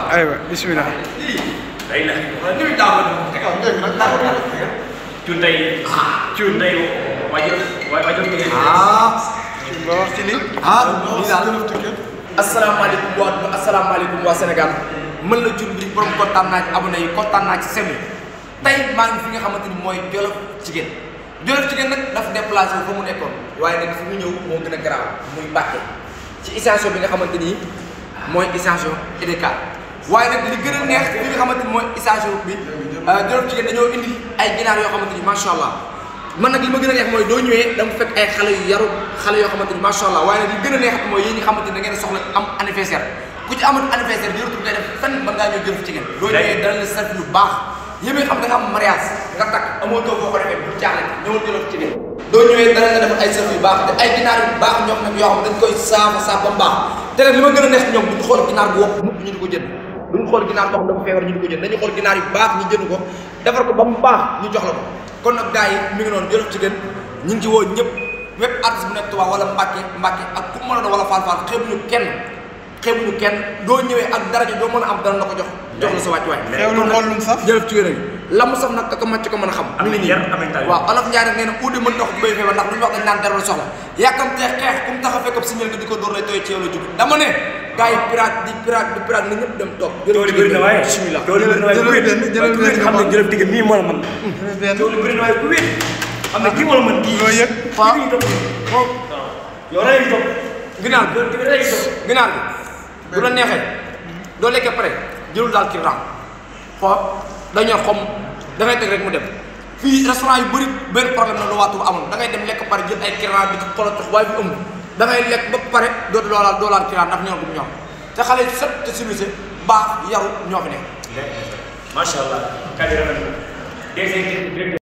ايوه بسم الله đấy là cái đầu mình cái còn cái mình nó chun tay chun tay quay chân quay quay chân kia à chun bó xin đi à đi ra luôn trước asalaamaaleykum waa dund asalaamaaleykum waa Sénégal mën la jur bi borom kontaan naa ci abonné yi kontaan naa ci semi tey maa ngi fi nga xamante ni mooy Jolof Jigéen Jolof Jigéen nag dafa déplacé wu fa mu nekkoon waaye nag fi mu ñëw moo gën a garaaw muy Mbàkke ci station bi nga xamante ni mooy station EDK waaye nag li gën a neex li nga xamante mooy Issa bi euh, dañoo indi ay ginaar yoo xamante ni macha allah man nag li ma gën a neex mooy doo ñëwee da nga fekk ay xale yu yaru xale yoo xamante ni macha allah waaye nag li gën a neex mooy ba dana la xam da nga am mariage nga takk amoo boo ko defee doo ñëwee dana la defal ay service yu baax te ay ginaar yu baax ñoom nag yoo xam dañ koy saafa saaf ba mu baax te nag li ma gën a neex ñoom duñ xool ginaar bu wopp mukk ñu di ko jënd duñ xool xool ginaar ba mu baax ñu jox la ko kon nag gars yi ñu ngi ci woo ñëpp bépp wala Mbàkke Mbàkke ak ku mën a doon wala Faal Faal xeebuñu kenn xeebuñu kenn doo la ko jox jox la sa wàccuwaay xewlu xool lu a xam am nañu waaw olof Njaay feebar ndax lu ñu wax dañ naan dara soxla yàkkamtee xeex ku tax a fekk ab signal nga di ko dóor lay tooy ci la jug dama ne gars yi pirate di pirate di pirate na ñëpp dem toog. jërëjëf na waaye bisimilah jërëjëf bëri na waaye jërëjëf digg mii moo la mën. ne kii moo la mën kii. topp. ginaar daal ci raam xoo dañoo xom dangay mu dem. fii restaurant yu bëri benn problème la lu waatu ba amoon dangay dem lekk pare jël ay kiraan bi ci xolotox waaye bu ëmb da ngay lekk ba pare dootu doolaal doolaal ci ndax ñor bu ñor te xale yi set te civilisé baax yaru ñoo fi nekk. macha allah.